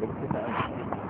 da kuka ta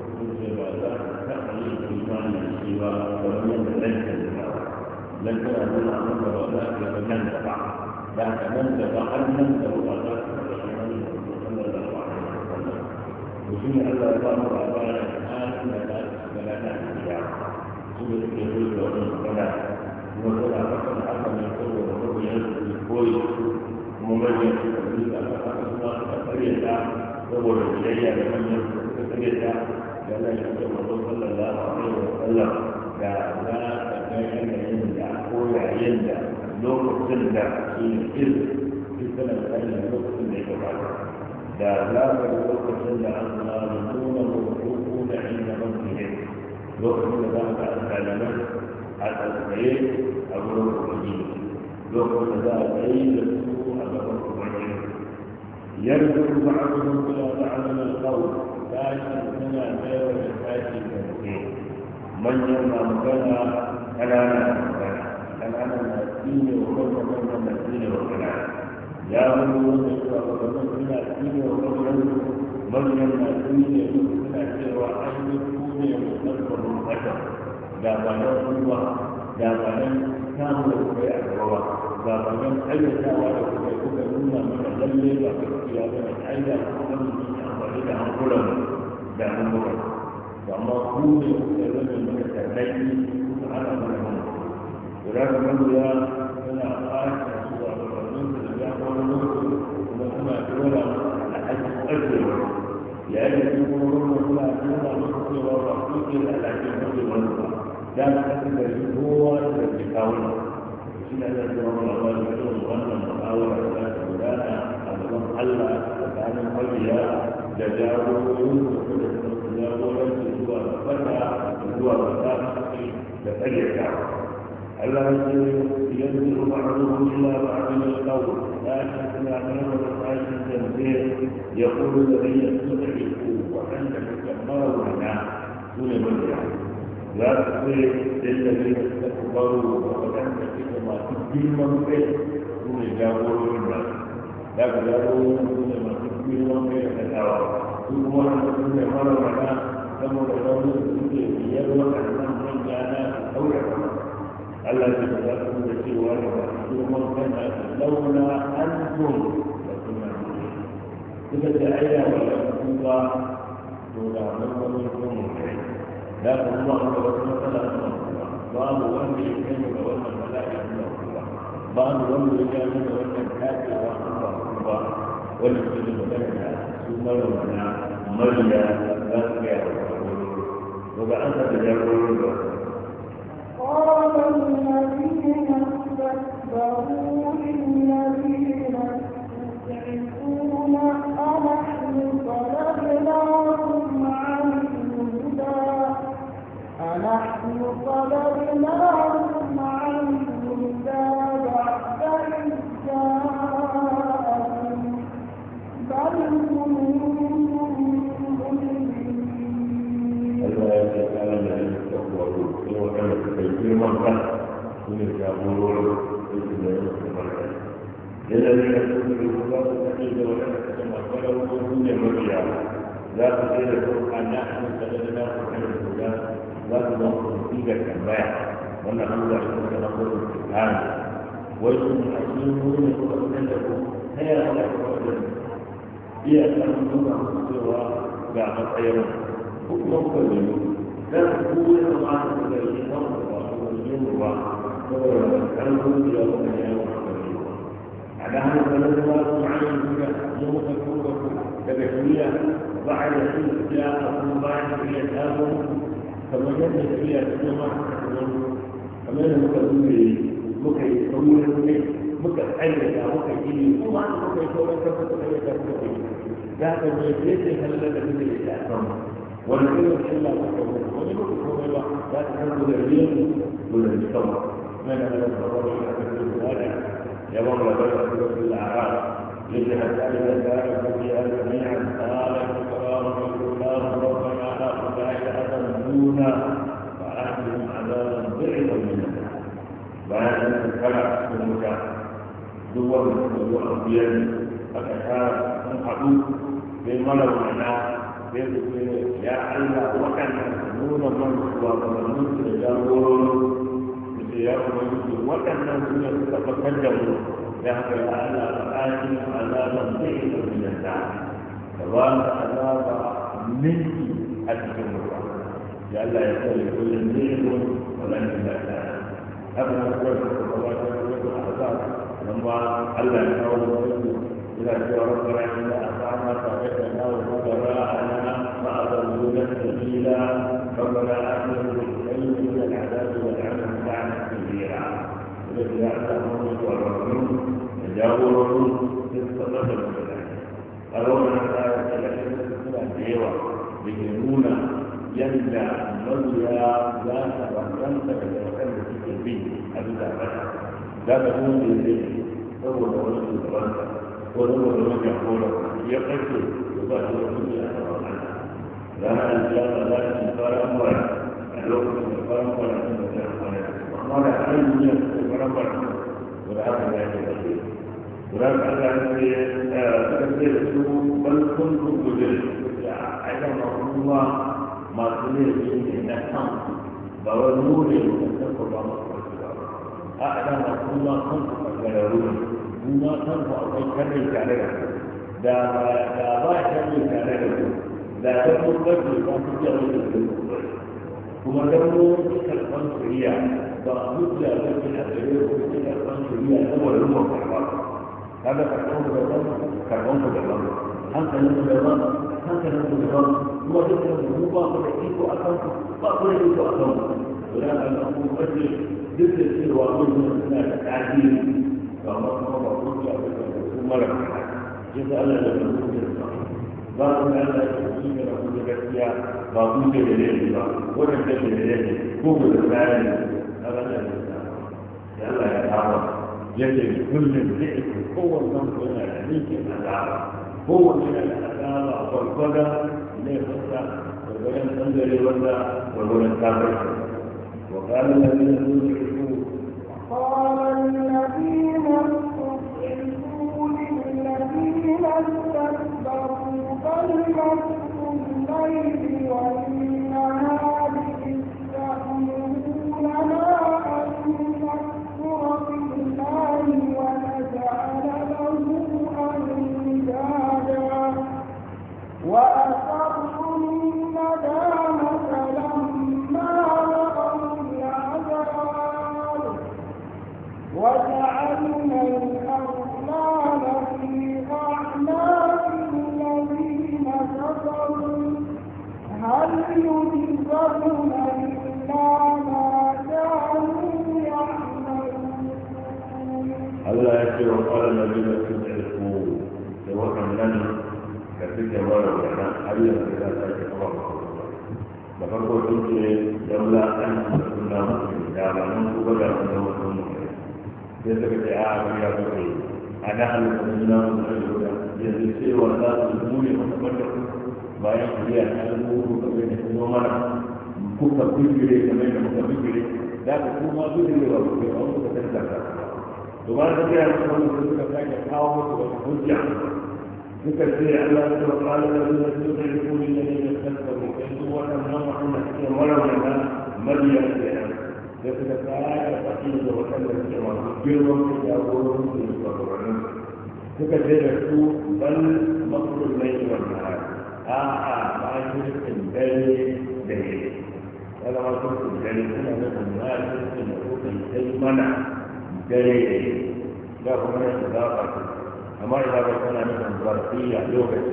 لن تكون عنك ولاك لمن ينتفع بعد من تفع أن ينتفع ولاك وفي أن الله تعالى الآن لا لا نحن سورة الكبير والمطلع وطلع فقط حتى من كل وقوم ينزل الكوي مميز ويجب أن تفعل الله تفريتا وهو الجاية لمن ينزل تفريتا yana shafi mazo sallallahu alaihi wa sallam da za a ga yanayin da ko yayin da lokacin da shi ne il fitanar tsarin lokacin da ya gabata da za ka ga lokacin da an zama nuna rubutu da inda ban fiye lokacin da za ka alƙalaman a tsatsaye a gurin rubutu lokacin da za a yi da su a gaban rubutu يرجع بعضهم إلى بعض من القول لكن هنا غير الحاج كثير من يوم مكانا كلانا كلانا مسكين وكل من مسكين وكلانا يا من يوم مكانا مسكين وكلانا من يوم مكانا مسكين وأن يكون يمسكهم البشر لا بلد الله لا بلد كامل في أجر الله لا بلد أي سوى kuka nuna mana lalle ba gaskiya ba ne ai da kuma mun yi amfani da hankulan da hankulan to amma ku ne kuka nuna mana tarnaƙi kuka hana mana hankali guda da mabiya suna fata zuwa ga wannan su da ya kawo musu kuma suna dora a ajin ajewa yayin da su kuma wannan suna dora musu cewa ba su ke da alaƙin ajewa ba da su kasance kowa da ke kawo إلى أن تكون الله يكون ظنا محاولة ذات ولاء أمر الله فكان الأولياء تجاوزوا تجاوزوا سوى الفتى سوى الفتى لتجع ألا ينزل بعضهم إلا بعض القول لكن إذا كان الآية التنزيل يقول الذي يستطيع القوة وعندك كمرضنا دون من يعلم لا تقول للذين استكبروا وكان فيكما تدين من فيه دون جابوا منا لا تجابوا دون ما تدين من فيه الهوى ثم واحد كل مرة معنا ثم تجابوا تدين بيدوا أحسن من جانا أو يحسن الذي تجابوا تدين وأنا ثم كان لولا أنتم لكنا إذا تأيى ولا تكون دون أن نكون da kuma ba da wata matsala babu wanda ya kai da wannan bala'i da kuma babu wanda ya kai da wannan kacewa da kuma wanda ke da magana su marwana mariya za su ga ba ba an da jagorori ba قال الذين استكبروا للذين استضعفوا wanda suka yi girman kan su ne jagororin aikin da yau da barka yadda ne da su ne kuma su kaɗe da wani da suka masu rauni su ne mabiya za su ce da su a na hannun da da na su kan su za za su zama su fi ga tambaya wannan an zaɓi su da na gudu su kare wai su ne a cikin wani da suka fi da ku ta yaya ana kuma da iya samun nuna cewa ga matsayin hukumar kwallon dan ku yang masuk ke dalam semua kalau dia على هذا البلد الله سبحانه وتعالى يوم تكون تبعية بعد ذلك جاءكم بعد إيتاكم فوجدنا فيها كما كما المكذب مكي يسمون المكي مكي حية مكي جيني وما مكي يسمون كفة حية ذاك الجيش يتحلل من الإسلام والخير إلا مستمر ومنه الحرية لا تكون العلم دون المستمر من أن الضرورة تكون الوالع يمر بين سورة الأعراف لأن الثالثة كانت فيها جميعا قال الكفار الكفار ربنا على خزائن دون فأهلهم عذابا ضعفا من النار بعد أن تتبع المكان دول الأنبياء فكفار من حدود في ملأ الناس ya Allah waɗannan nuna man kuwa ga manin da jagororin da ya kuma yi waɗannan suna suka fakar da mu ya haka ya Allah a ƙashin azaban zai yi da ta da ba mu azaba ninki a cikin ruwa ya Allah ya kare kullum ne mu wannan da ta haka na kuwa da kuma ba ta kuma azab nan ba Allah ya kawo da wani ina cewa rabbana inna asana ta kai da nawo da ra'a وأضلونا سبيلا ربنا آتنا من من العذاب والعنهم لعنة كبيرة الذي أعتقد والرسول تجاوز تستطيع أرونا تعالى هو الرسول تبقنت ولو لم يقول يقتل يبقى لما الجامعة ذات الفرنبر الوقت الفرنبر وقال أن الفرنبر والعقل يعني بخير ولم أعلم تكفير سوء بل كنت مجرد عدم الله ما تريد إن الحمد بولوني وتتقل أعلم الله كنت فكرروني وما كنت أفكرك عليها دا دا باش عليك عليك لا تكون تبدو كنت تغير وما تكون تلك القنصلية فأخذ لا تكون أسئلة تلك القنصلية هو الأمة والحوار هذا كرمون بالله كرمون بالله أنت نمو بالله أنت نمو بالله هو تلك الأمة فأخذ أكرم فأخذ أكرم ولا أن أكون أجل ضد السلوى من الناس تعديل فما هو ملك جزاء الله لمن بعد ما لا su ne ba su da gaskiya ba su ce da laifi ba wannan ce da laifi ko ku da tsari na ranar da ya Allah ya kama yake kullum zai ku kowanne mutum yana da ninkin azaba kowanne yana da azaba gwargwada laifinsa gwargwadon tsangare wanda gwargwadon kafin وقال الذين استضعفوا قال الذين استضعفوا للذين استكبروا بل الغيب وإنها Allah ya ce wa ƙwarar da zai su ɗarko da wakan nan da suke wara da nan Allah ya za ta ke kawo da farko sun ce daula an da suna mutu da ba nan ku ba da wanda wasu mutu sai suka ce a abu ya kuke a da halittar suna mutu da yanzu cewa za su mune masu mata bayan kuriya ta zama hudu ka zai tafi noma na kuka kujire kamar da muka kujire da ka kuma kujire ba ku kai wani kuka tattara to ba da gaya musu wani sun suka sake kawo musu wata hujja suka ce Allah ta wa kala da zuwa su da ya kuli da ne da kanta mu kai su waɗannan waɗanda suke marawata mariyar da ya da suka sake faɗi da waɗanda suke masu girman su jagororin su da suka ce da su bal makulun mai wannan باع ماجلس البلد به ولا ماجلس البلد هنا من ماجلس المفروض المنع دليل له من الإضافة أما إذا كان من ظرفية لغة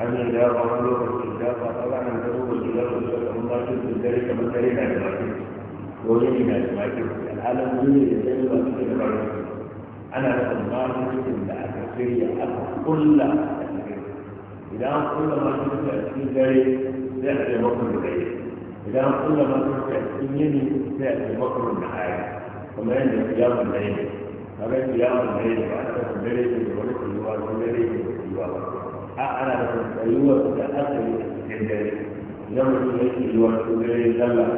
أن الإضافة لغة الإضافة طبعا الجنوب الإضافة ماجلس البلد كما ترينا بالعكس ويجب أن العالم يريد أن يكون أنا مثل ما نجد أن أكثر كل إذا كلما كنت في ذلك تأتي مكر الليل كل ما كنت في يمين تأتي مكر النهار وما عند قيام الليل هذا قيام الليل وحتى الليل ولك الوالد الليل والوالد أعلى الأيوة تأتي في ذلك يوم الليل والليل لا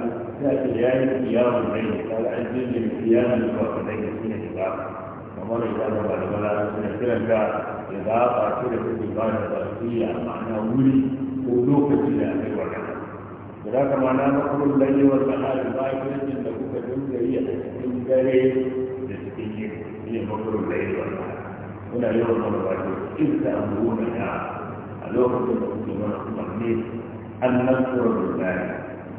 تأتي يعني قيام الليل قال عندي قيام الوقت بين سنة الآخر wani da ana ba da bala suna kiran da idafa ce da take ba da zarfiya ma'ana wuri ko lokaci da ake magana da za ka mana makulun lalle wa sahari ba ya kirkin da kuka dinga yi a cikin dare da cikin yini ne makulun lalle wa sahari kuna yawan mana ba ke cikin amuruna ya a lokacin da kuke mana umarni an nan tsoron da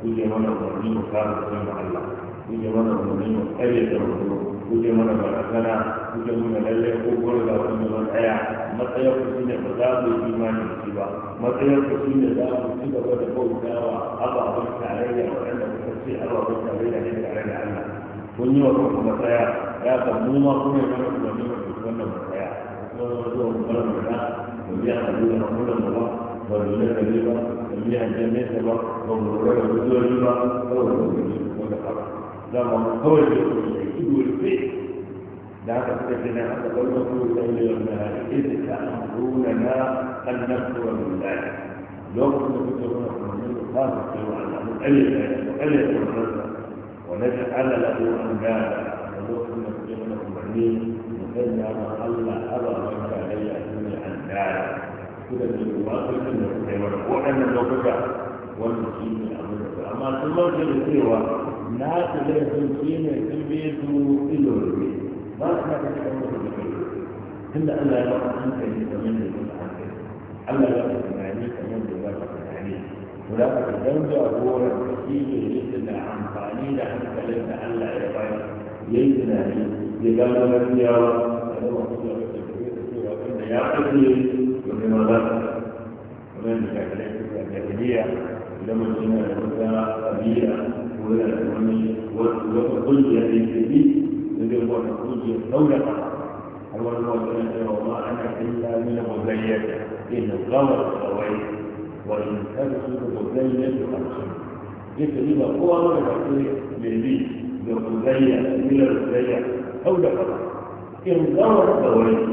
ku je mana umarni mu kama sunan Allah kuke mana wani ƙarye da wani kuke mana barazana kuke mana lalle ko kuma ga wani zama matsayar ku shine ba za yi imani da shi ba matsayar ku shine za mu ci gaba da bautawa ababen tarayya waɗanda kuka ce ababen tarayya ne tare da Allah kun yi wa kanku matsaya ya mu ma kuma ya mana wani wannan matsaya kuma zuwa mu fara magana mu biya a duniya mu da mu ba والملك الربا zama mu kawai da su ne ido rufe da aka suka ce nan aka ɗauka su da yi wa na ita ta amuruna na kan nafsu wa lillahi lokacin da kuka wani kwanin da ba su ce wa alamu ƙayyar da ya ƙayyar da wani wani ta ala lafi wani gada da lokacin da kuka wani kwanin da zan ya ma Allah aba wani tarayya su ne an gada kuka ce wa kuka da kuka yi wani waɗannan lokuta wannan shi ne abin da amma sun manta da cewa nasu laifin shi ne sun bi su ilo ne ba su na kashe kan wasu jikin tun da Allah ya ba an kai kamar da suka hankali Allah ya ba tunani kamar da ba su tunani to da ka dan jagora shi ne yake da amfani da hankalin da Allah ya ba ya yi tunani ya gano gaskiya da da wasu da wasu da cewa wanda ya kace domin ma za su kamar da kakalai da jahiliya idan mutum yana da wata kabila ولا وقلت يا ابن سبيل نبي الله قلت يا دولة أول ما قلت وما أنا إلا من مزيدة إن الغمر سويت وإن تبسط مزيدة أخر جئت لما هو أمر بكري من لي بمزيدة من المزيدة دولة إن غمر سويت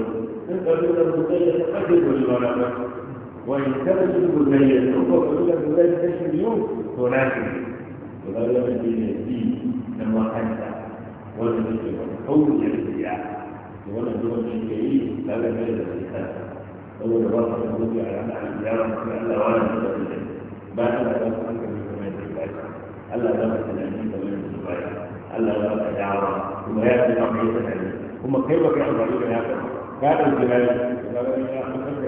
إن تبسط مزيدة قدر بالمنامة وإن تبسط مزيدة فقد لك مزيدة تشمليون تناسب وذلك الذين يأتيه من وحدة ولا يجب حول الارتياح ولا يجب أن يجري لا يجب أن يجري أول مرة يقول على أن الإجابة فألا ولا يجب أن يجري بعد أن يكون من كمان البيت ألا لا تلاميذ من البيت ألا لا دعوة ثم يأتي تقريبا عليه ثم كيف كان ذلك هذا كان الجبال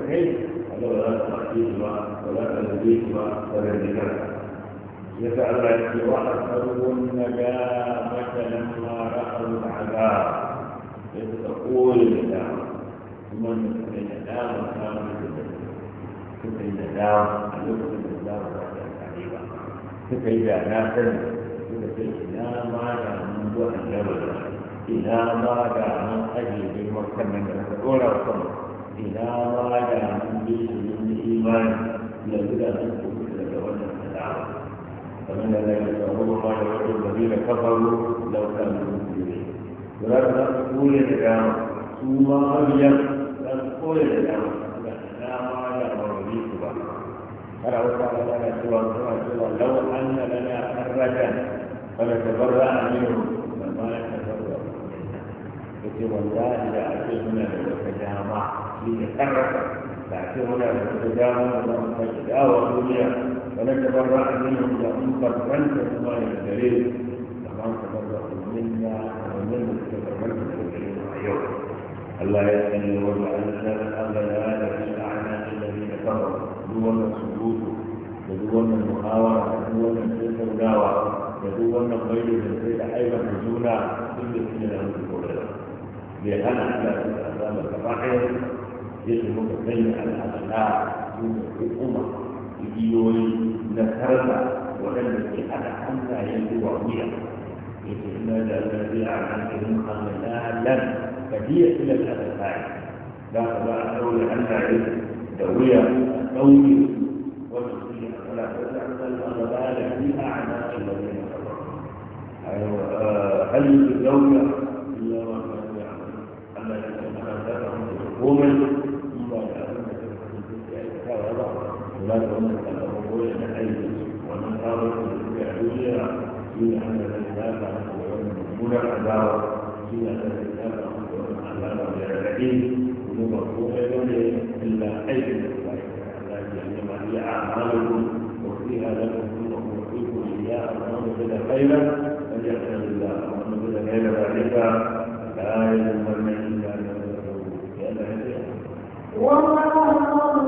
كيف هذا لا تحقيق ولا تنبيه ولا ذكر يتعرض وأثروا الندامة لما رأوا العذاب يتقول الندامة ثم يكون الندامة كانوا يكون الندامة يكون الندامة بعد التعليم فكيف لا تنسى إلى ما من أن نبدأ إلى ما من أجل بالمركب من الأولى والصمد إلى ما من بيت من الإيمان لابد أن تكون لك وجه الدعوة فمن لا يقول الله يقول الذين كفروا لو كانوا مسلمين ولكن تقول الكلام ثم مريم تقول الكلام قال وقال لنا سوى لو ان لنا خرجا فنتبرا منهم فما نتبرا يقول والله لا اتيتنا لو تجامع حين لكن بالتجاوز ونحن وتتداوى الدنيا ونتبرأ منهم لأن قد أنت الله الكريم كما تبرأ منا ومن تبرأت الكريم اليوم الله يسأل وجعلنا الأغلال في أعناق الذين كفروا دون السجود ودون المحاورة ودون التداوى ودون الغير من غير أيضا دون كل من له لهنا لا تتأذى الرحم yadda muka bayyana al'adala duka hukuma igiyoyi na karza waɗanda ke haɗa hannaye zuwa wuya yake ina da alladhi a hankalin hannalan kadiya ila al'adala za ka ba a ɗaure hannaye da wuya a ɗaure wanda su ne a kala da ta al'adala da fi a hannalan da zai na karɓa halittu dauka illa wa kan yi Allah ya kuma kan zaka mutu komai ولا تكون الأمور لأي ومن أراد الدنيا في أن الإسلام مولى العداوة في أن الإسلام مولى العداوة للعلم ومرفوع إلا أي إنما هي أعمالكم وفيها لكم كلكم وفيكم إياها ومن بدا خيرا فليحمد الله ومن بدا غير ذلك لا يلزمن إلا أن يتقوا لأن هذه والله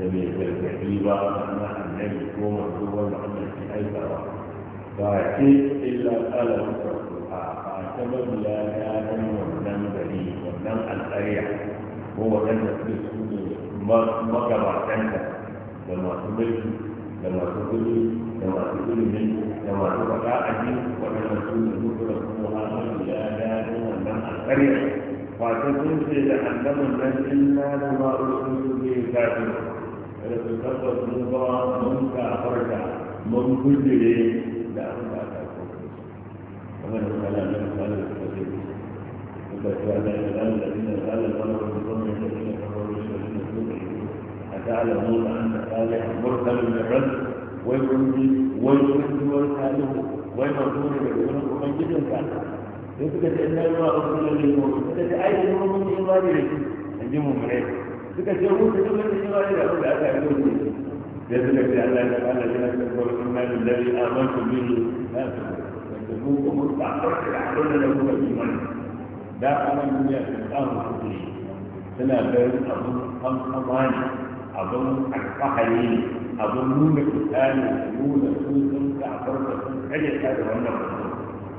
لبي تركيبا أنا النبي كوما هو محمد في أي دعوة فأكيد إلا قال فأعتبر لا يعلم ونم بريء ونم القريع هو كان يسلسل كنت لما تبدو لما تبدو لما تبدو لما تبقى أجيب ولما تبدو مكبر كنت لا يعلم ونم القريع فأعتبر لا يعلم إلا لما رسول به كافر kada su tabbas mun ba mun kafarta mun gudure da abin da aka kofi kamar da kala da kala da kake da kala da kala da kala da kala da kala da أتعلمون أن صالح مرسل من الرد ويرمي ويرد ويرسله ويرسل ويرسل ومن جدا كان يثبت أن الله أرسل للمؤمن تتأيد المؤمن إلى غيره الجمهور suka ce mu ka duk lokacin ba da abin da aka yi mun sai suka ce Allah ya fara da nan ko kuma da dare amantu bihi da mu ko mu ta da abin da muka yi mun da aman duniya ta samu kuɗi tana da abin an amani abin alfahari abin nuna kutani nuna sun sun ka farka sun kare ta da wannan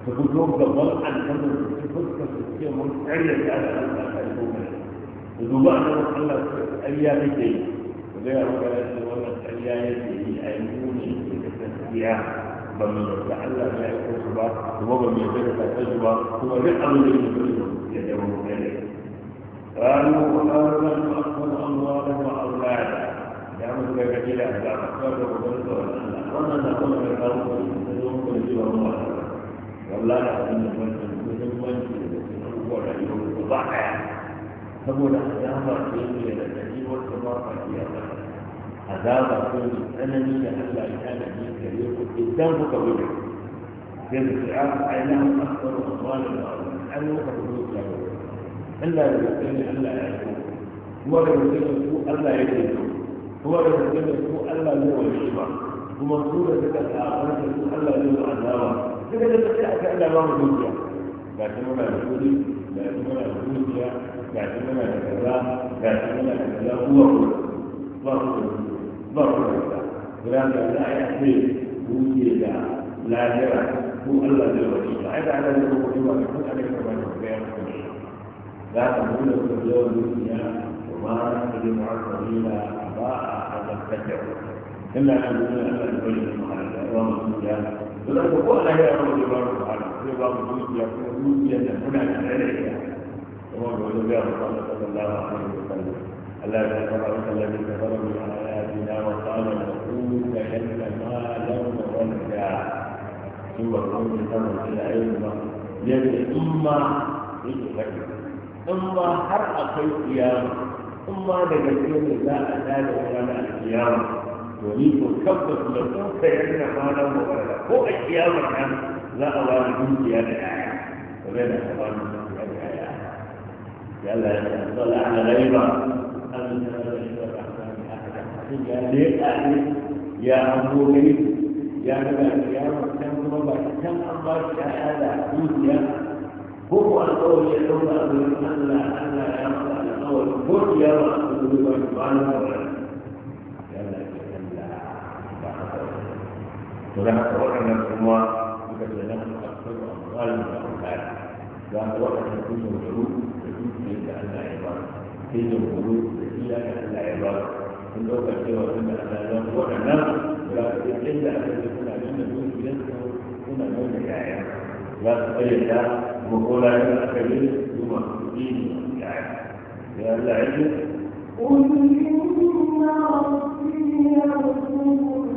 su fito gaban alƙalin su fuska su ce mun kare ta da alƙalin duba a nan Allah ƙarya take yi ku zai yaro ga yadda wannan ƙarya yake yi a yi nuni da gaskiya ba mu yarda Allah ya aiko su ba kuma ba mu yarda da kasar su ba kuma duk abin da yake gudu ya da mu ne قالوا وأولا أكثر أموالا وأولادا يا من ذاك إلى أهداف أكثر وبرد وأنا وأنا نقول لك أولا نقول لك والله والله أنا من من من من من من من saboda azaba ce ne da gani wata ba a fiye da azaba ce ne tsanani da Allah ya tanadi gare ku idan kuka gudu sai da shi an aina an asbaru a tsawanin da an yi kuka gudu da gudu Allah ya rubuta ne Allah ya yi kuma da rubuta ne su Allah ya yi kuma da rubuta ne su Allah ne wa shi ba kuma su da suka ta'amar da su Allah ne wa azaba suka da suka aka Allah ba mu dukiya ga shi muna da kudi يعتمدون على الروسيا يعتمدون على كذا يعتمدون على كذا هو هو ضرب ضرب ولكن لا يحمل روسيا لا يرى هو الله جل وعلا هذا على ذلك هو يكون عليك ما لا تقول لك الدنيا وما تقدم عن سبيل أباء أحد تدعو إلا أن يكون أهل البيت المعلم ومن da za ka ko Allah ya rabu da ba mu wahala zai ba mu dukiya kuma dukiya da muna da rarrabe kuma da wani biya mutum da sallallahu alaihi wa sallam Allah ya fara wa sallam da fara mu ayatina wa qala aqulu kalla ma lam wala huwa qawlu sama ila ilma yadda imma yake fadi imma har akwai kiyama imma da gaske ne za a tada wani alkiyama ولی کو کب لگو تھے نہ مانا ہو رہا ہے وہ اشیاء مرحم لا اوان دن کیا نہ ہے ربنا سبحان يلا طلع على غيبة يا أبوي يا نبات يا مكتم ربك كم أمر شهادة يوسيا هو القول يدوم أبو الله أن لا يمر على قول قل يا رب سبحانه وتعالى ولما تورنا الأمة وكذلك أكثر أموال من الأموال وأن وقت يكون الغلوب يكون عند أن عبارة كل الغلوب إلا أن عبارة كل وقت سوى أن أن وقنا ولكن إلا أن يكون أن يكون يذكر هنا من الآية لا تقيد مقولا كبير ثم تقيد الآية يا الله عزيز قل إن ربي يغفر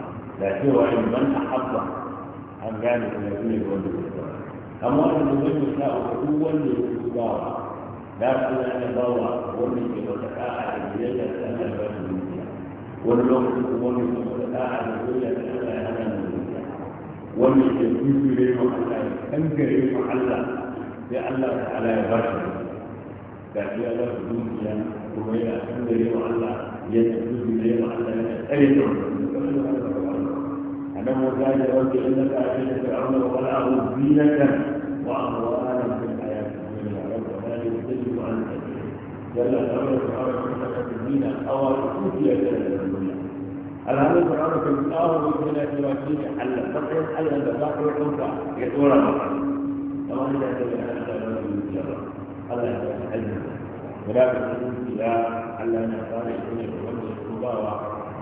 لا سوى من أحب أن كان النبي يولد أما أن يكون النساء يولد الكبار لا بد أن يضوى ولد وتفاعل بيد سنة البشر واللغة ومن تفاعل بيد سنة أمام ومن تجيب إليه محلا أنكر إليه محلا لأن تعالى يبشر لكن أنا في الدنيا وهي أنكر إليه محلا يتجيب إليه محلا أليس أنه كان يرد إنك أتيت فرعون وقلعه زينة وأموالا في الحياة الدنيا وكان يختلف عن كثير جل فرعون فرعون في الدين أو أوتي الدنيا هذا فرعون في الآخر من الدين حل الفقر حل الفقر حلفا يدور الفقر كما إذا كان هذا هذا يتحدث ولكن الى علمنا نختار الدنيا ومن يحبها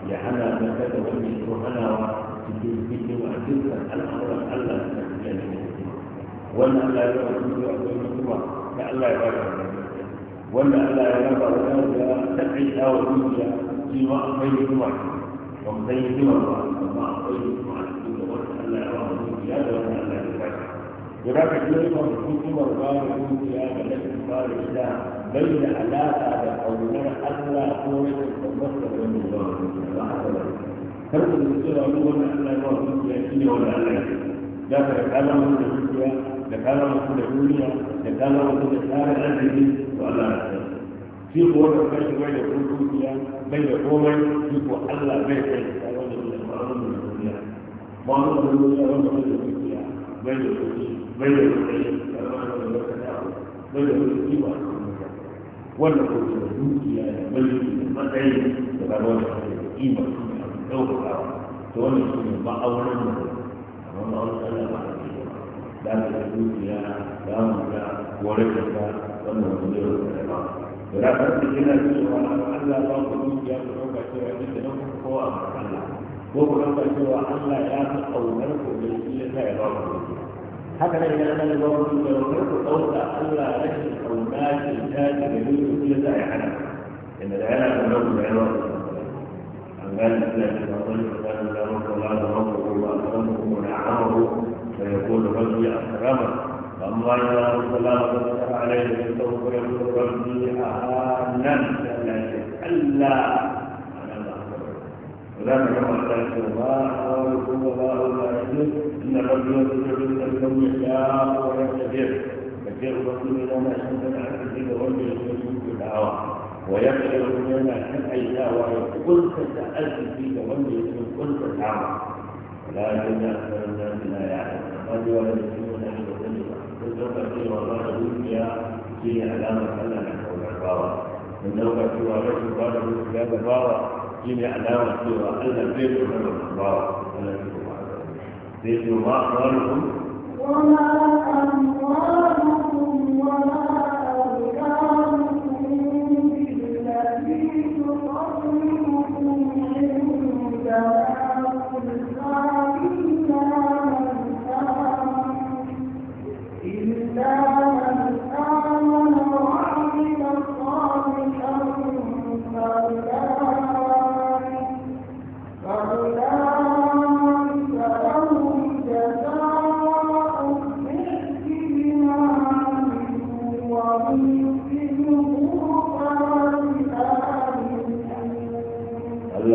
يحنى مكة ومن يحنى cikin hikima dukkan al'amuran Allah da cikin hikima wannan Allah ya raba su zuwa cikin hikima da Allah ya ba da wannan Allah ya raba da zuwa ta aita wa duniya shi ma akwai hikima ba mu san hikima ba amma akwai hikima a cikin da wannan Allah ya ba mu duniya da wannan Allah ya ba da guda ka ji hikima da hikimar ba da duniya da lafiya ba da gida bai da alaƙa da ƙaunar Allah ko rashin da masarar da ba da ba kar ku da cewa duk wanda Allah ya ba ku dukiya shi ne wanda Allah ya da ka da kala musu da dukiya da kala musu da duniya da kala musu da tsara arziki to Allah ya san shi ko wanda kai shi bai da dukiya bai da komai shi ko Allah bai kai ka wanda bai da ma'amala da duniya ma'amala da duniya wanda bai da dukiya bai da kuɗi bai da kuɗi karɓar da lokacin bai da kuɗi ba wannan kuɗi da dukiya da bai da matsayi da ba wanda bai da kima ɗaukakawa to wannan shi ne ma'aunin mu amma ma'aunin Allah ba a ce da ka yi dukiya damuwa ko rashin ta wannan wani zai rubuta ba da za ka ce yana cewa Allah ba ku dukiya ku ɗauka cewa duk da ku kowa a Allah ko ku ɗauka cewa Allah ya fi ƙaunar ku da shi ya sa ya ba ku dukiya haka nan idan Allah ya ba ku dukiya ku ɗauka Allah rashin ƙauna ce ta ce da duk ya sa ya hana inda da yana da nau'in da yawa فكان الذي يضل كان لا رب لا ربه واكرمه ونعمه فيقول ربي اكرمه واما اذا رد لا رد عليه فسوف يقول ربي اهانا الا ولم يكن ذلك الله ورسول الله ورسول ان ربي يرزق من يشاء ويقتدر كثير من الذين لا يشهدون عن الدين والجسد في الهوى ويغفر لنا كم أيها قلت سألت في تولي قلت تعالى ولا جل أكثر الناس لا يعلم قد ولا يسمون أن تجربة تجربة في والله الدنيا في علامة أن نحول البارة من نوبة في والله البارة من كتاب البارة في علامة في وألا بيت من البارة ألا تجربة بيت الله أموالكم وما أموالكم ولا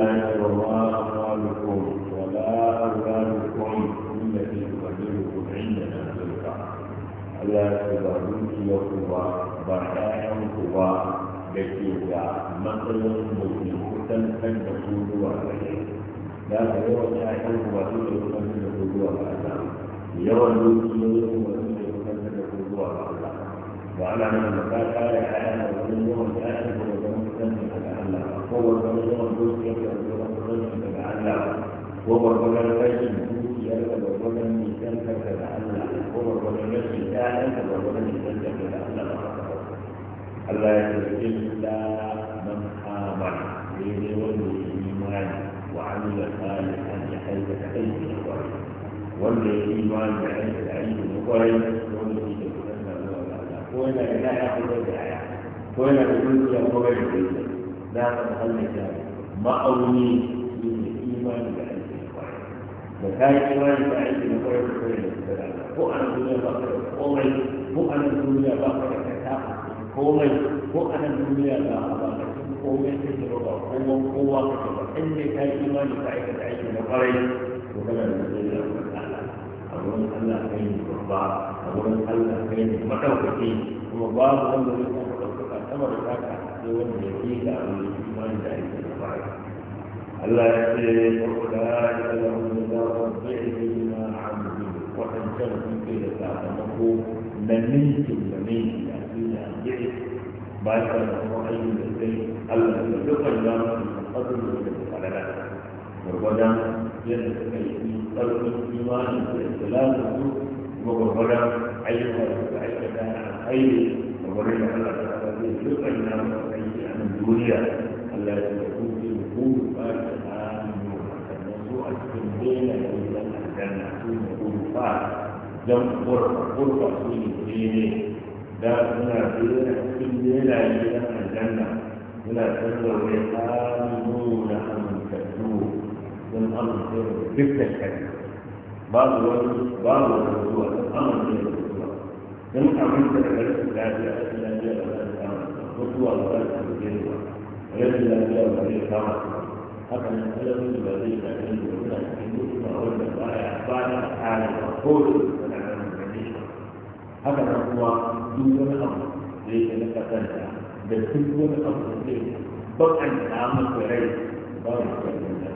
أنا وما أموالكم ولا أولادكم التي تقدمكم عندنا زلفى ألا تبارك بحائم قوى بكيدا مثلا مسلم تنفذ بسوء لا يوم شاحن وسيله تنفذ بسوء يوم يوم وسيله تنفذ بسوء وعلى من المكان قال يا حياة وسيله ولن تتعلق وقوة رجل دوسيك وقوة تتعلق وقوة رجل دوسيك وقوة لسانك تتعلق وقوة رجل لسانك وقوة لسانك تتعلق الله يقول إلا من آمن بيدور الإيمان وعمل صالحا لحيث تعيش القرآن والإيمان بحيث تعيش القرآن والذي تتمنى الله ولا إله إلا الله ko yana da dukiya ko bai da dukiya za ka ta ma'auni shi ne imani da aiki da kwarai imani da aiki da kwarai da kwarai da kuka da ko a nan duniya ba ka da komai ko a nan duniya ba ka da kata komai ko a nan duniya ba ka ba ka komai sai ka ba kowa kowa ka ba in dai ka yi imani da aiki da aiki da kwarai ko kana da dukiya da kwarai a wurin Allah kai ne babba a wurin Allah kai ne madaukaki kuma babu wanda zai sama da taka sai wanda ya fi da wani imani da ake da ba Allah ya ce da lahum nizarun bi'li ma amilu wa an kana fi kai da sakamako na ninkin da ninkin a cikin aljihi ba ta da kuma ayyukan da sai Allah ya dukkan da su fadin da falala gurgudan yadda suka yi ƙarfin imani da islamu su kuma gurgudan ayyukan da suka aikata a ayyukan da Allah يبين الى أي أن الدنيا التي تكون في نقول فاتحة الموضوع التنبيه إلى الجنة في نقول فاتحة جمع غرفة غرفة في الدين ده هنا في الليلة إلى الجنة هنا تنظر ويآمنون أن تكتبوا من أمر بكل الكلمة بعض الوقت بعض الوقت أمر بكل الكلمة in abin da daga rashin lafiya a cikin lafiya ba mutuwa ba za ta fi zuwa rashin lafiya ba zai kama su haka nan talabijin ba zai na kan da suna cikin mutuwa wanda ba ya ba ya kare ba ko da suna nan da ne haka nan kuma duk wani abu da yake na kasanta da duk wani abu da zai bakan da masa rai ba mu kan da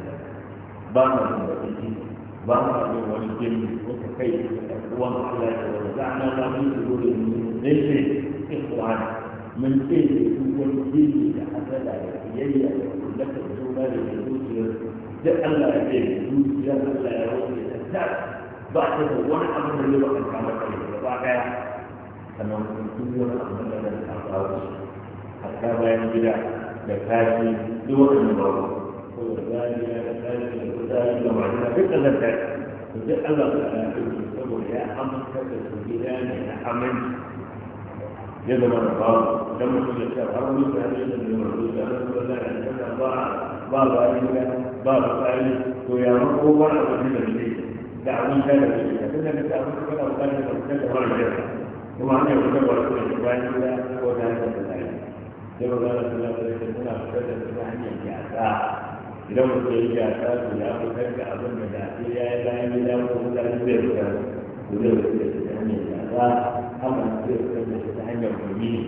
ba mu kan da kuma ظهر والجن وكيف تكون على وزعنا من قلوبهم ليس إخوانا من فين يكون فيه لحسد لا الحيية لك الزوبة للوزير ده ألا يبين الوزير ألا يوزير الزعب بعد وانا أمر اللي وقت كما قلت بعد كما كنت وانا أمر لنا الأرض حتى ما ينجد لكاتي دور المرض وذلك لكاتي وذلك لو عندنا فكرة ذلك وده ألا تعالى يا أمر كتب بلاني ya zama da babu idan mutum ya ce har wani da ya da mai mutum da an zama da ya zama ba ba ba ya ba ba ba ya to ya ma ko ba da wani da ke da abin da da ke kan da ta abin da ba da da da ba da kuma an yi wata ba da ke bayan da ko da da da ya ba da da da da ke suna fitar da su hanyar yasa idan mutum ya yi yasa to ya fitar da abin da da ya yi bayan gida ko mutane zai fitar ko zai fitar da hanyar yasa طبعا زي كده تتهجم بمين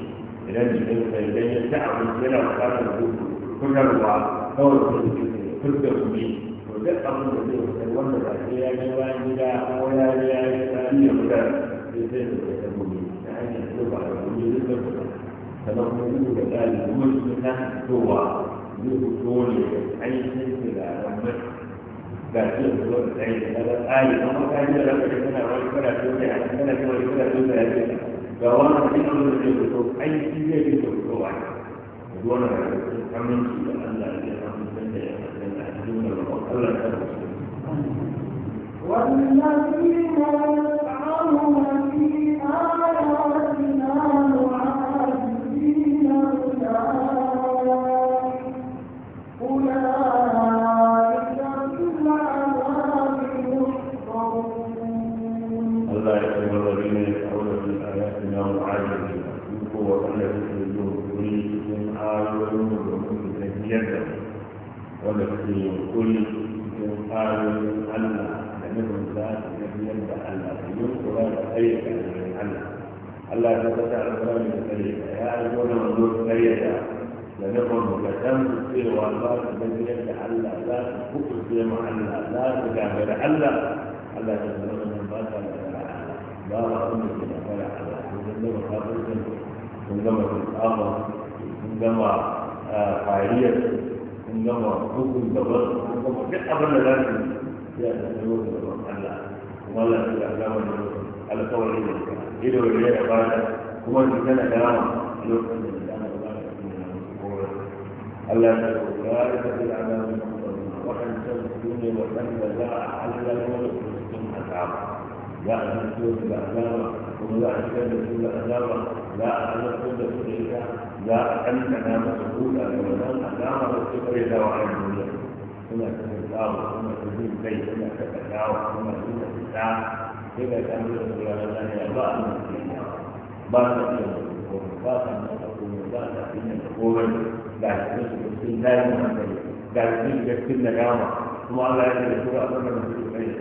لازم يبقى يبين تعب الكلى وقال الوجود كل الوعاء هو كل بمين وده أظن زي وسلم الرأسية جوان جدا ولا لا يسالي ولا يسالي وسلم يعني يسلم على الوجود فنقول له قال المسلم هو يقول عين سلسلة رمته ga su da zuwa da tsaye da daga tsari na makaji da rafi da suna wani su da yana kada su wani kada su da da zai fi zuwa da aminci da Allah ya da ya da ya da ta musu التكريم كل قالوا أن منهم ذات لم يبدأ أن في ينكر أي كلمة عنها ألا تتسع الكلام الكريم يا أيها المنظور كيدا لنقم كتم في الغربات الذي يدعى ألا لا تفكر في محل لا تكافر ألا ألا تتبرك من فاتح لا تلعى لا رأم في الأفلع على مجمع خاطر سنة مجمع الآخر مجمع قائلية إنما حكم تبركم وفي أمر لكم يا تسلوك الله ولا تتعلم على طول إليك إلو إليك بعد هو أنت كان كلام لو كنت الله يقول لا يتبع وكان شر الدنيا وكان لا على لا يملك مسلم أتعب لا أنت تقول ولا أتكلم كل أدامة لا أعلم كل سعيدة لا أنت نام سهولة ولا أنام الكبر إذا وعن الدنيا هنا تتلاوى هنا تزيد بيت هنا تتلاوى هنا هنا تتلاوى كذا تعمل الرياضة الثانية لا أنت فيها بارك الله بارك الله لا تكون الأول لا تكون السن لا يمكن لا تكون السن نجامة ثم الله يجب أن يكون أمامنا في البيت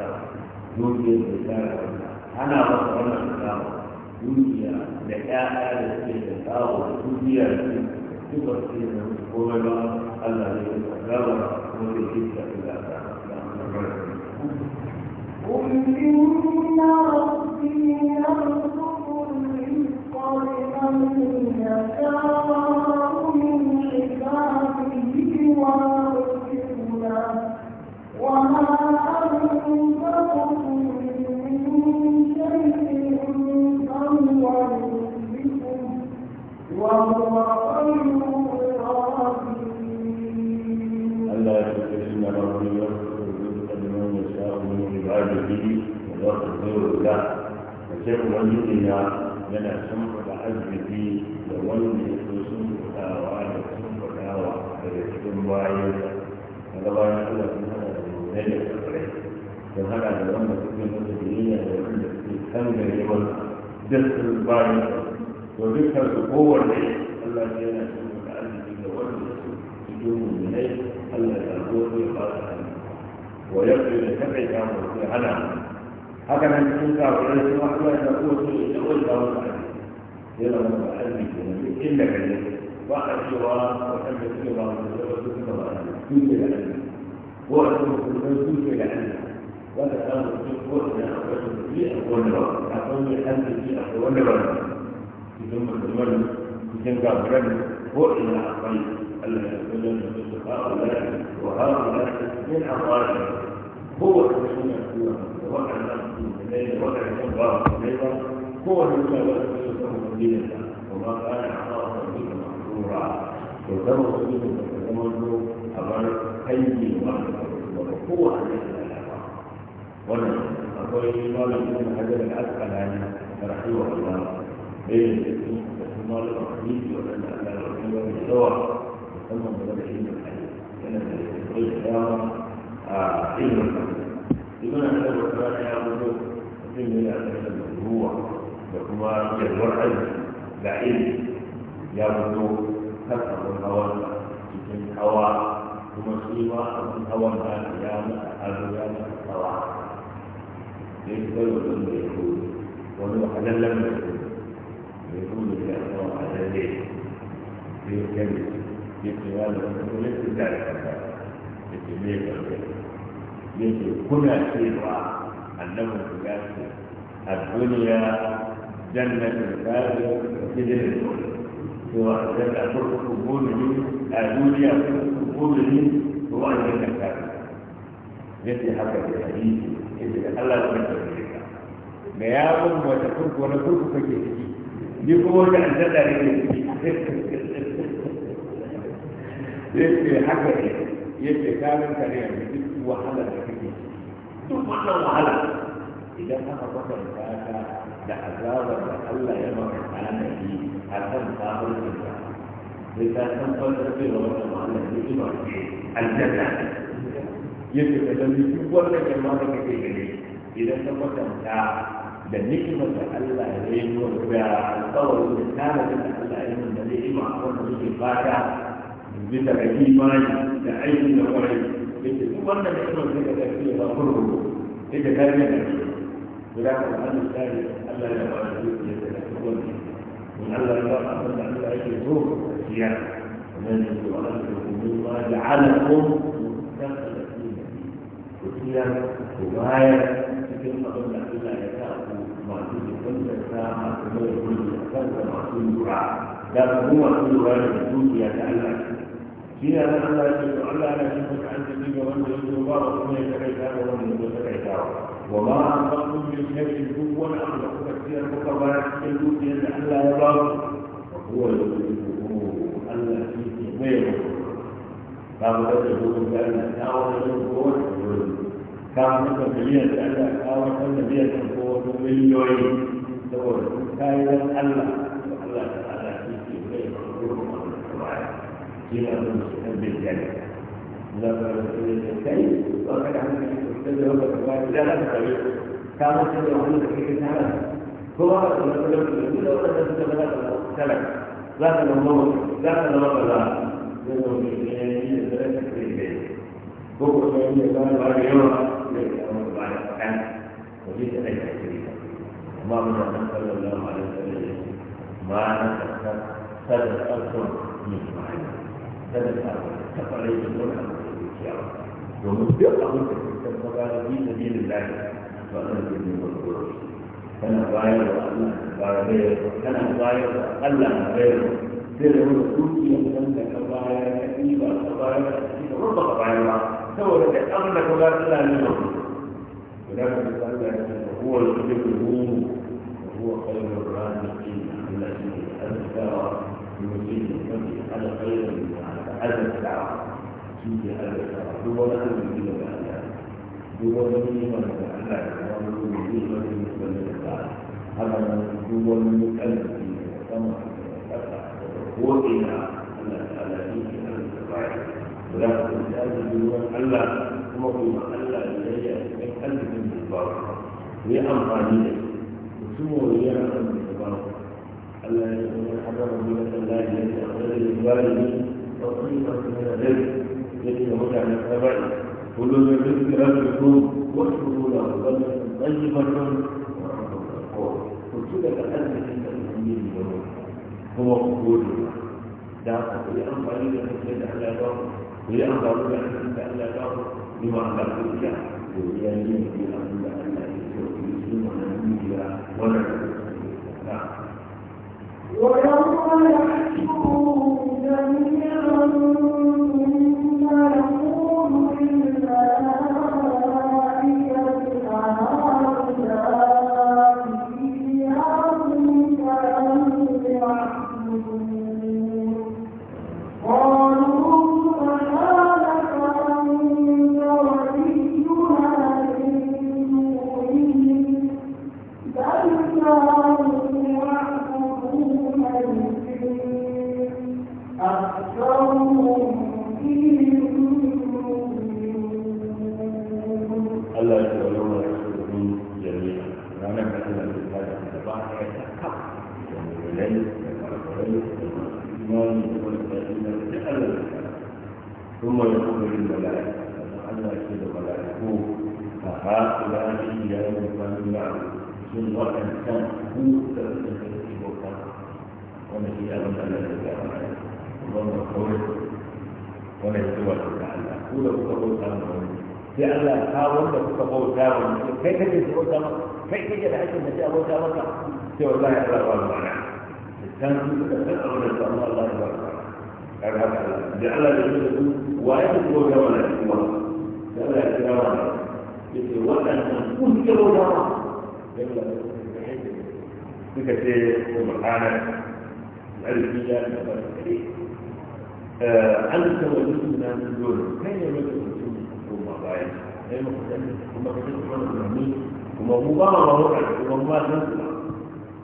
dole da tsara ana masa wannan kawo dukiya da ƴaƴa da suke da kawo da dukiya da su duka su ne na mutu ba Allah ne ya tsagaba ko da ke da Allah ta قل إن ربي ta الرزق لمن يشاء da wanda suke mutu biyayya da wanda suke kan gare wanda duk sun bayan to dukkan su kowanne Allah ya yana cikin da arziki da wanda su cikin mummunai Allah ya ko zai fara hannu wa ya fi da kaɗai ta mutu hana haka nan cikin kafirai su ma Allah ya ko su ya wanda wanda arziki yana mutu arziki da duk inda gare ba a cewa waɗanda suke ba mutu da wasu suka ba a cikin da arziki ko a cikin da suke da arziki ولا كان في قوتنا أقول في أقول أقول أن في أقول ثم تمل بدون قابل قوتنا أقول ألا يقول أن هؤلاء وهؤلاء من أقارب هو الذي يكون وقع في إليه وقع الله إليه هو الذي في مدينة وما كان عطاء ربك محظورا وكما قلت لكم أمره أمر حي وحده وهو عليه wannan akwai malam ibn hajar al-asqalani rahimahu allah bayan da su da su malam hadisi wadanda Allah ya rahima da yawa musamman da da ilmin hadisi yana da kai da yawa a ilmin hadisi ibn hajar al-asqalani ya rubuto mutum ne da aka san ruwa da kuma jarwar aiki ga ilmi ya rubuto kan abin hawan cikin hawa kuma shi ma abin hawan da ya masa ado ya masa hawa يقبل لما يكون ونوح لما يكون يكون في أخوة على ذلك في الكلمة في قوال وليس ذلك يتميك يجب كنا سيرا أنه في الدنيا جنة الكافر وسجن المؤمن هو جنة كل قبوله الدنيا كل قبوله هو جنة الكافر مثل حكى في حديثه Allah ya mutu da ya mun wata kurku wani kurku kake ciki ni kuma wata an tada ne yake haka ne yake kamin ka ne yanzu duk wahala da kake duk wannan wahala idan aka kwatanta ka da azabar da Allah ya maka tanadi a kan sabon da ta san farko cewa wannan wahala ne ba aljanna yake ka zama duk wanda ke ma da kake gare idan ka kwatanta da nikimar da Allah ya yi wa da alƙawarin da tana da Allah ya yi da ni'ima wanda suke fata bisa ga imani da aiki da kwarai yake duk wanda ni'imar da ka tafi ba kurkuku yake kariya da shi guda ka ba da tsari Allah ya ba da zuciya da kowanne من الله يرفع من الله يجوز زيادة ومن يجعلكم gaskiya ko baya cikin abin da Allah ya sa ku masu jikunta ta masu mai kuli a kansa masu lura da kuma masu lura da dukiya ta Allah shi ne nan Allah ya ce to Allah na shi kuka an tafi ga wanda ya zo ba kuma ya kai ta ga wanda ya zo ta kai ta wa ma an fasu min shay'in duk wani abu da kuka tsira kuka ba cikin dukiyar da Allah ya ba ku huwa yusufu Allah shi ne mai ba ku da dukiyar da Allah ta wani dukiyar ka maka miliyan da Allah ka maka miliyan da ko wasu miliyoyi saboda sun kayi dan Allah to Allah ta ala shi ke kai ruhu ma da baya shi ne abin da suka bai jari za ka ga su ne kai ba ka da hankali ko ta da wata ba da za ka kare ka maka da wani da kake tara ko ba ka da wani da kake da wani da kake da tara za ka ga mawa za ka ga mawa za ka ga mawa ne ne da kake da ko ko ne da ba da yawa kayan waje da rai a kiri amma mun da nan sallallahu alaihi wasallam ya ce ma na kasar sadar sadar ta yi, da wani abu da ke ciyawa domin duk abin da ke kan magana bi da bi da lafi to da ne wani goro kana bayar da Allah ba bayar kana bayar da Allah na bayar sai da wani dukiyar nan da ka bayar ka ɗiba ka bayar ka ɗiba ba ka bayar da an da ka bayar ولكن قال هو الكبير وهو خير الرازقين الذي أذكر يزيد النبي على خير على الدعوة في هذا الدعوة هو مثل من الأعلى هو مثل من الأعلى وهو مثل من الأعلى هذا هو المكلف كما هو إله ولا تتأذى بالوان ألا ثم قلنا ألا إلي أن من البارك هي أمرانية وسمو هي أمر البارك ألا يكون حضر من الله الذي أخرج من الرزق التي هدى عن التبع كل من رزق واشكروا له بلدة طيبة قلت لك أنت أنت هو قبول الله دعوة الأمر إلى أن تجعل الله ku yi amfani da abin da Allah ya ba ku yi wa Allah dukiya godiya ne ku yi da Allah ya ce ku yi su wannan da هؤلاء يوم يعلم ثم أنسان هو تكتبك ونسي أن لا تكتبك اللهم قولك ونسي ولا تعالى كل تقول أمر لأن ها وانت تقول ها وانت كيف تقول ها كيف تجد حتى أن تقول ها وانت سوى الله يقرأ والمعنى الإنسان تتفقه لك الله يبارك لك جعل لك ويقول ولا يقول لك لا يقول yake waɗannan ƙungiyar rawa yadda da haifar suka ce subhanak alfiya da barkare an taɓa nufin na dole kai ne mata mutum koma baya sai muka sani kuma ka ce kuma da kuma mu ba ma ba mu ƙarfi kuma ma san su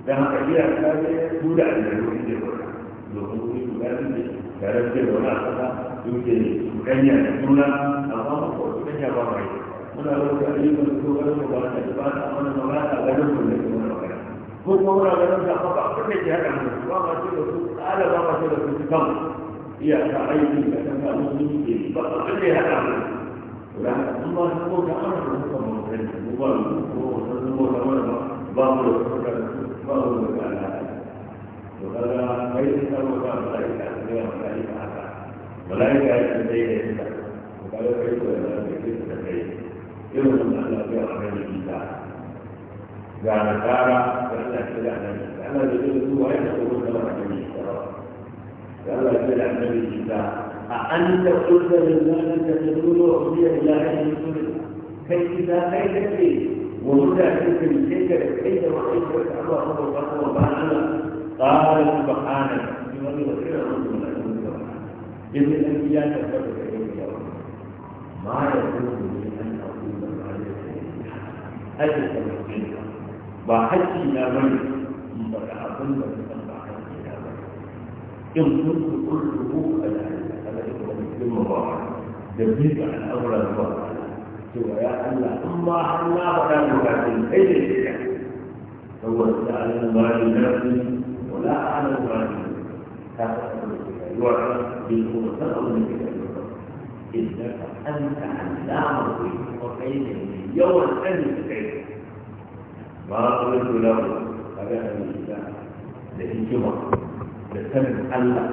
da haka iya kare su da aljaru inda ya wata domin kuma su gani ne tare da wani a ƙasa su ke kanya da juna amma ba su kanya ba ma yi samu da ayyukan da su ganin ba ta ba ta wani ba ta ganin mu ne ko ko wani ganin da ba ba ne ke haka mu ba ma ce da su ala ba ma ce da su kan iya ta aiki da kan da mun yi ba ba ne haka mu da amma ko da an da su kan mu ne mu ba mu ko da mu da wani ba ba mu da su kan ba mu da ala to kaga kai da mu ba da aiki da ne ba da aiki haka wala ya yi da yake da kaga kai ko da kai يوم أنا في أمر الإنسان بعد سارة فإلا سلع نبي فأنا بجد هو أين تقول لما نبي فأنا سلع نبي الإنسان أأنت قلت للناس أن تقول أخذي إلى أهل رسول كيف إذا كيف كيف وهنا كيف الشكر كيف وكيف الله سبحانه وتعالى قال سبحانك بمن وكيل رسول الله إن الأنبياء تثبت كيف يا ما يكون لي أن أقول ما ليس لي هذا التوحيد وحجنا من فكأظن أن حجنا من إن كنت كله على على إخوانكم الله دبيت عن أمر الله سوى يا الله أما أنا ولا مكاتب أي هو تعالى ما لنفسي ولا أعلم ما لنفسي هذا يعرف الوعد بالقوة أو من كتاب إنك أنت علام الغيب وكيف يوم أنت تعلم ما قلت له هذا الإسلام للجمع لسنة الله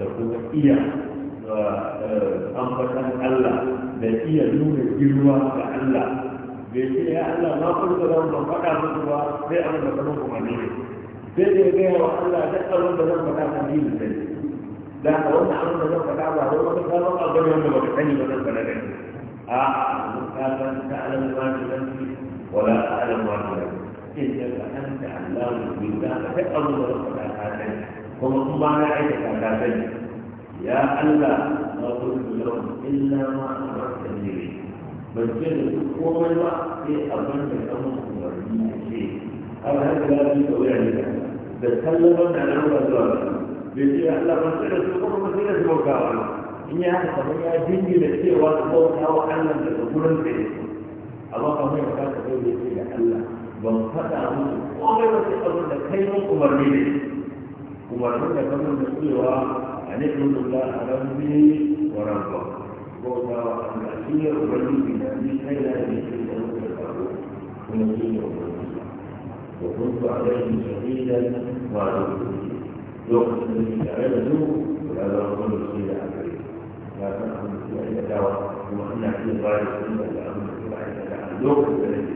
لقوة إياه ambatan Allah da iya nuna girma ga Allah bai ce ya Allah na kurta zan ban faɗa musu ba sai an da kanin kuma ne sai da ya gaya wa Allah da tsaron da zan faɗa kan yi da لا لو انت عملت ده فتعب على ده ده الوضع ده هم ما بتحني بدل بنادم اه كان تعلم ما في نفسي ولا اعلم ما في نفسي انك انت علام بالله فتقبل ربك هذا هم ثم انا عايزك هذا يا الله ما قلت لهم الا ما أمرت به بجد ومن ما في اظن الامر ورد شيء هذا هذا لا يسوي عليك بتكلم عن الامر bai ce Allah ban tsira su kuma ba tsira su bauta wa Allah in ya haka kamar ya dingi da cewa su bauta wa Allah daga gurin da ya so amma kamar ya kasa kai da ce da Allah ban faɗa musu ko ga wasu abin da kai mun umarni ne umarni da kamar da cewa a ne ɗin da a rabbi wa rabba bauta wa Allah shi ne ubangiji da ni kai na da ni kai da muka faru kuma shi ne ubangiji وكنت عليهم شهيدا وعلى كل شيء لوقت الذي تعرضه وهذا رجل يصير عبري لا تأخذ في أي دعوة ومخنا في غاية السنة لأمر الواحد عن لوقت الذي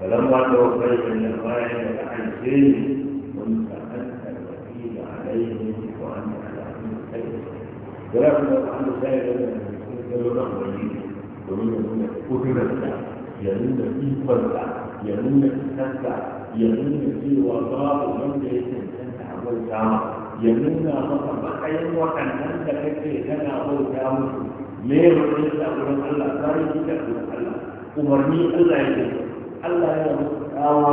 فلما توفيت من الغايه عن شيء كنت أنت الوكيل عليه وأنت على أمر الخير ولكن لو أن سائل أن يكون له وليه ومن يكون كتبت يمين في قلبه يمين في سنته يمين في وضعه من يتنسى bauta ma ya nuna maka matsayin waɗannan da kake kana bauta musu me ya rufe shi a wurin Allah zai shi a wurin Allah umarni Allah ya yi Allah ya musu kawa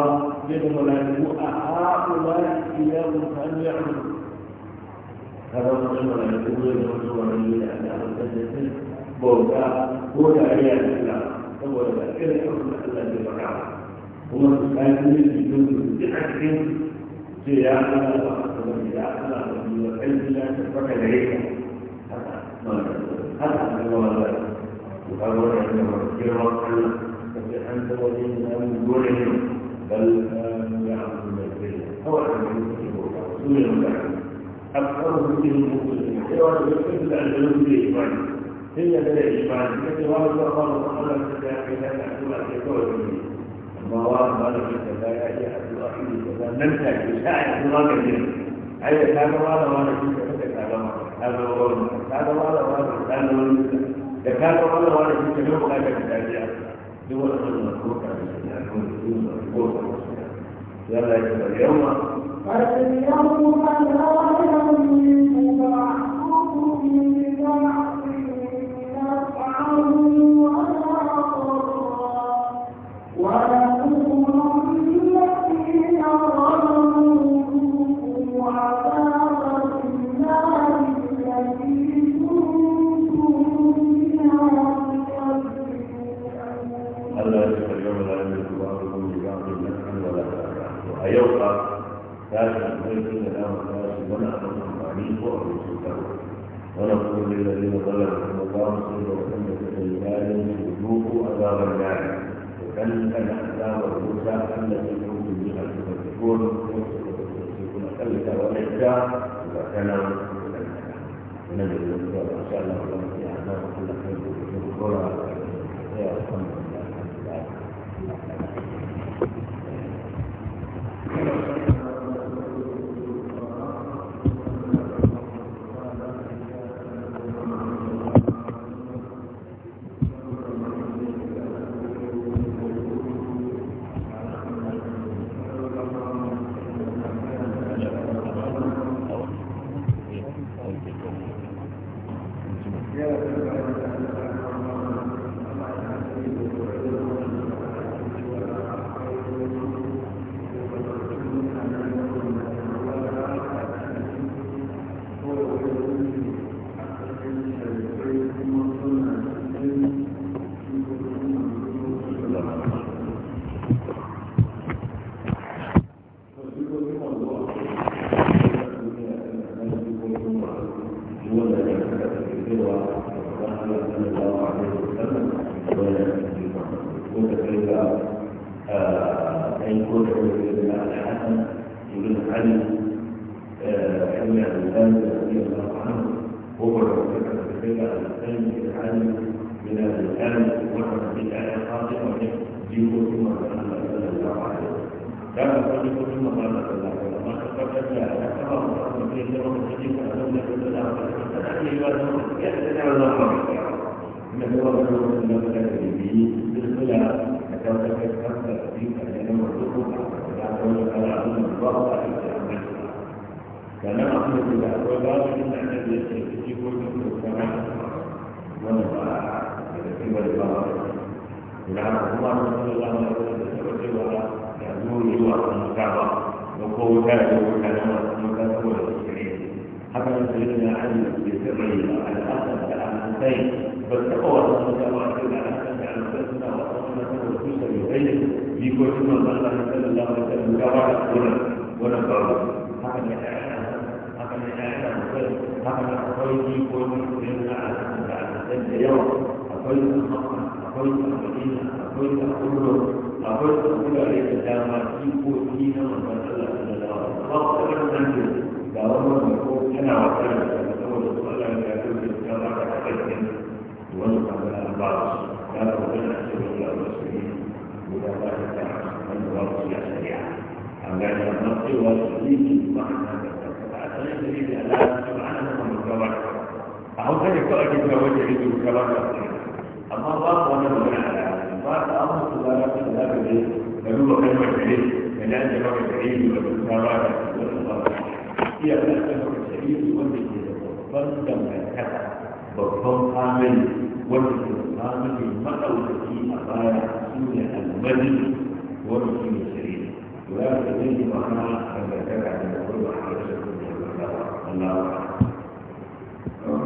ya da malaiku a haƙula ila mutan ya rufe kada wani malaiku ya da wani wani da Allah ya rufe bauta ko da ya yi Allah saboda da irin abin da Allah ya faɗa kuma su kai ne su yi su ji a cikin في عمل وفي عمل وفي علم لا تفرق إليه هذا هو وقالوا انه كثير وقتنا فانت ولينا من دونهم بل كانوا يعبدون الدين هو الذي يكتب رسول الله اكثرهم به المسلمين هي واحده يكتب الجنوب الايمان هي بلا ايمان التي ورد الله تعالى في كتابه لا تعتبر في كون ما وراء مالك كذا يا أخي عبد أخي كذا ننسى بساعة الله كثير أي هذا وراء مالك كذا هذا هذا وراء هذا وراء مالك هذا وراء مالك هذا وراء مالك كذا هو هذا كذا دول أصل مكروه يلا يا اليوم فاليوم أنا لهم منكم وعفوكم من بعض ما فعلوا ولا ولا رسول وسلم بخيال يذوقوا عذاب النار وكلف العذاب الموسى التي كنتم بها تفكرون وتفكرون كلف وليس وكلم ونجد ان شاء الله في اعمال كل خير وشكرا يا بين الحسين من الآن وحد بالآن خاطئة جيبوا ثم الله عليه وسلم كان صديق ثم قال صلى الله عليه وسلم ما تفكرت لا أكبر رسول في اليوم الحديث أنه صلى الله عليه وسلم تأتي وأنه يأتي الله عليه إنه هو رسول الله صلى الله عليه وسلم بالصلاة أتوقف خمسة حديثة لأنه مرتبط على أن الله sannan a kuma da akwai babu inda na da yake ciki ko da kuma kama wanda ba a da kuma da bawa da kuma da kuma da zama da da taba cewa da zuwa yi wa kuma kama da ko wuta da wuta na masu mutan saboda su kare haka da sai da hali da ke taba yi ba al'asar da al'asai ba su taba wasu mutan ba su da al'asar da al'asar suna wasu mutan saboda su kare bai bi ko kuma sallallahu alaihi wasallam da kuma da kuma da kuma da kuma da kuma haka akwai jikokin kudin da a tattar da yawa akwai su makon akwai su madina akwai su kudu akwai su kudare da dama jikoki na manzon Allah da dawa ba ku kaɗan nan ne ga wani mai ko tana wa kan da saboda su Allah ya kai da ta ba ta kaɗan wani kamar alba ya ka wajen a cikin da wasu ne guda ba ta ta wanda ba su ya shari'a a gani amma cewa su yi ma'ana da ta ta ta ta ta ta ta ta ta gaba a hausa ne kawai ake cewa wanda ya zo gaba da amma ba ku wannan magana a ba ta amma su ba ta da zaka ne da duba kalmar da ne da na da maka da ne da ta ba da wannan ba iya da kalmar da ne wanda ke da babban dangantaka babban family wanda ke da family madaukaki a baya su ne almadi wanda su ne shari'a ولا تزيد معنا أن تكاد تكون حاجة الله أعلم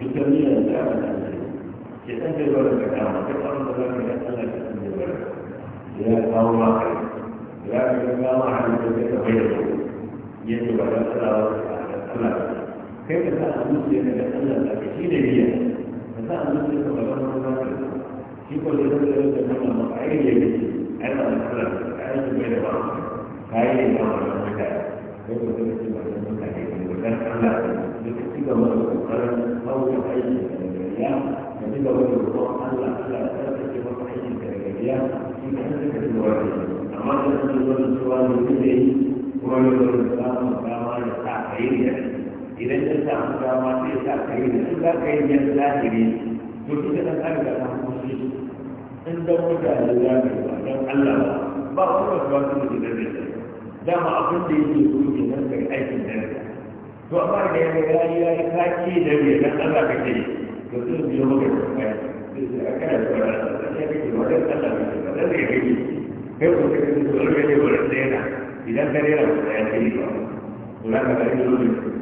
بالتنمية الدعوة يتنفي الولد كما تقرأ ذلك يتنفي الولد يا الله خير يا الله عن ذلك غيره يجب أن أسأل كيف كان المسلم يتألم بكثير اليد za a nufi da ba zama ba ta shi ko da zai zai zai zama ba a yi da yake a yi da kala a yi da bai da ba ka yi da ba da mutane ko ko da shi ba da mutane ko da Allah da ka ci gaba da kokarin hawa aiki da gariya ka ci gaba da roƙon Allah Allah ya tsarkake maka aikin da gariya shi ka tsarkake da wani amma da shi wani cewa ne zai yi kuma ne da samun dama da sa a yi da idan ta samu dama sai ta kai da su za ka yi yan zahiri to duka da ka riga ka kusa in da mutane za ka yi don Allah ba ba ku ba su da zai dama abin da yake so ke nan kai aikin da to amma da ya ga yayi yayi ka ce da bai dan Allah ka yi to sun biyo maka da kai sai ka kana da wani sai kake wani Allah kake da zai gani kai ko kake da wani da wani da yana idan ka rera ba da kai ba to za ka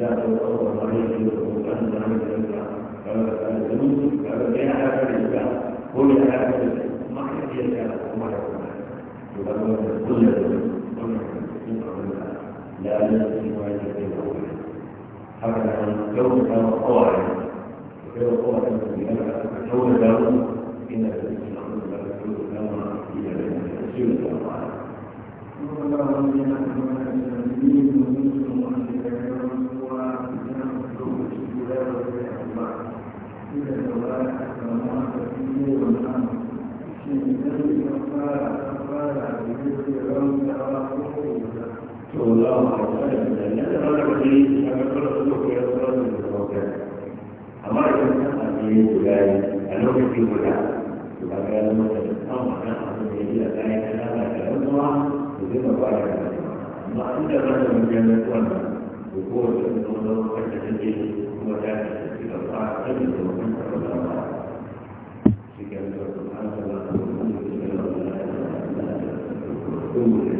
لا يمكن ان يكون هكذا ان يكون له قواعد وكل قواعد في هذا كون له ان الانسان لا يكون له الى ان يسير الى الله اللهم صل على محمد وعلى اله وصحبه وسلم وعند هذا المجال يكون بقوة الله وحدة الجيش wadata suka da wannan karfafa shi ke da karfafa